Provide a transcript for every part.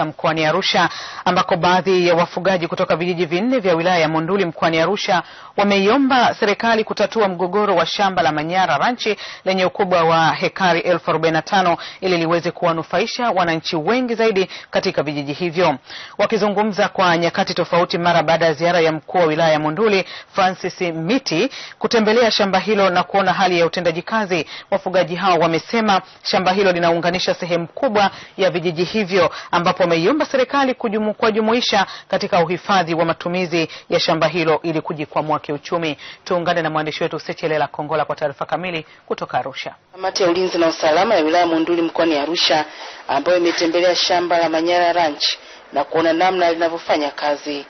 sasa mkoani Arusha ambako baadhi ya wafugaji kutoka vijiji vinne vya wilaya ya Monduli mkoani Arusha wameiomba serikali kutatua mgogoro wa shamba la Manyara Ranchi lenye ukubwa wa hekari elfu arobaini na tano ili liweze kuwanufaisha wananchi wengi zaidi katika vijiji hivyo. Wakizungumza kwa nyakati tofauti mara baada ya ziara ya mkuu wa wilaya ya Monduli Francis Miti kutembelea shamba hilo na kuona hali ya utendaji kazi, wafugaji hao wamesema shamba hilo linaunganisha sehemu kubwa ya vijiji hivyo ambapo wameiomba serikali kuwajumuisha katika uhifadhi wa matumizi ya shamba hilo ili kujikwamua kiuchumi. Tuungane na mwandishi wetu Sechelela Kongola kwa taarifa kamili kutoka Arusha. Kamati ya ulinzi na usalama ya wilaya Monduli mkoani Arusha ambayo imetembelea shamba la Manyara Ranch na kuona namna linavyofanya kazi.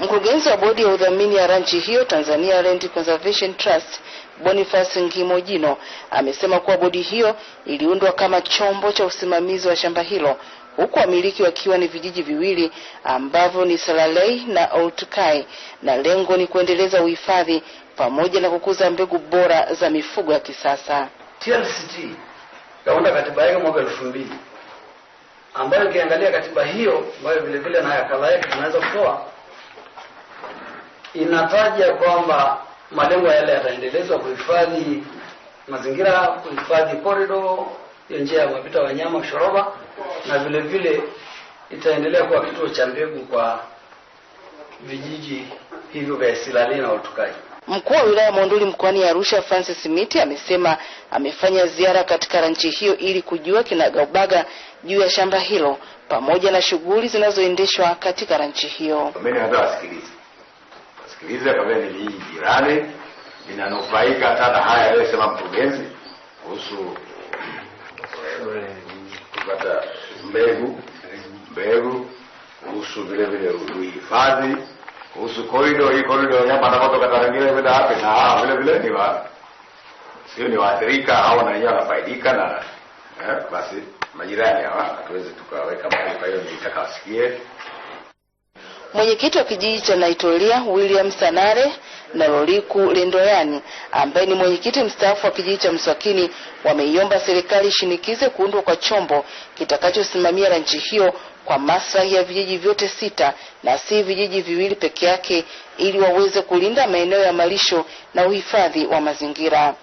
Mkurugenzi wa bodi ya udhamini ya ranchi hiyo Tanzania Land Conservation Trust Boniface Ngimojino amesema kuwa bodi hiyo iliundwa kama chombo cha usimamizi wa shamba hilo huku wamiliki wakiwa ni vijiji viwili ambavyo ni Salalei na Oltukai, na lengo ni kuendeleza uhifadhi pamoja na kukuza mbegu bora za mifugo ya kisasa. TLCT kaunda katiba yake mwaka elfu mbili ambayo ukiangalia katiba hiyo ambayo vilevile na nakala yake tunaweza kutoa inataja kwamba malengo yale yataendelezwa: kuhifadhi mazingira, kuhifadhi korido hiyo njia ya kuwapita wanyama shoroba, na vile vile itaendelea kuwa kituo cha mbegu kwa vijiji hivyo vya Silali na Otukai. Mkuu wa wilaya Monduli mkoani Arusha Francis Miti amesema amefanya ziara katika ranchi hiyo ili kujua kinagaubaga juu ya shamba hilo pamoja na shughuli zinazoendeshwa katika ranchi hiyo. Mimi Wasikilize wasikilize, kwa vile ni jirani linanufaika hata na haya aliyosema mkurugenzi kuhusu kupata mbegu mbegu, kuhusu vile vile uhifadhi, kuhusu korido hii korido wanyama anapotoka tarangile vile wapi na vile vile ni wa sio ni waathirika au na wenyewe wanafaidika na eh, basi majirani hawa hatuwezi tukaweka mahali. Kwa hiyo nitakawasikie mwenyekiti wa kijiji cha Naitolia William Sanare Loliku Lendoyani ambaye ni mwenyekiti mstaafu wa kijiji cha Mswakini wameiomba serikali ishinikize kuundwa kwa chombo kitakachosimamia ranchi hiyo kwa maslahi ya vijiji vyote sita na si vijiji viwili peke yake ili waweze kulinda maeneo ya malisho na uhifadhi wa mazingira.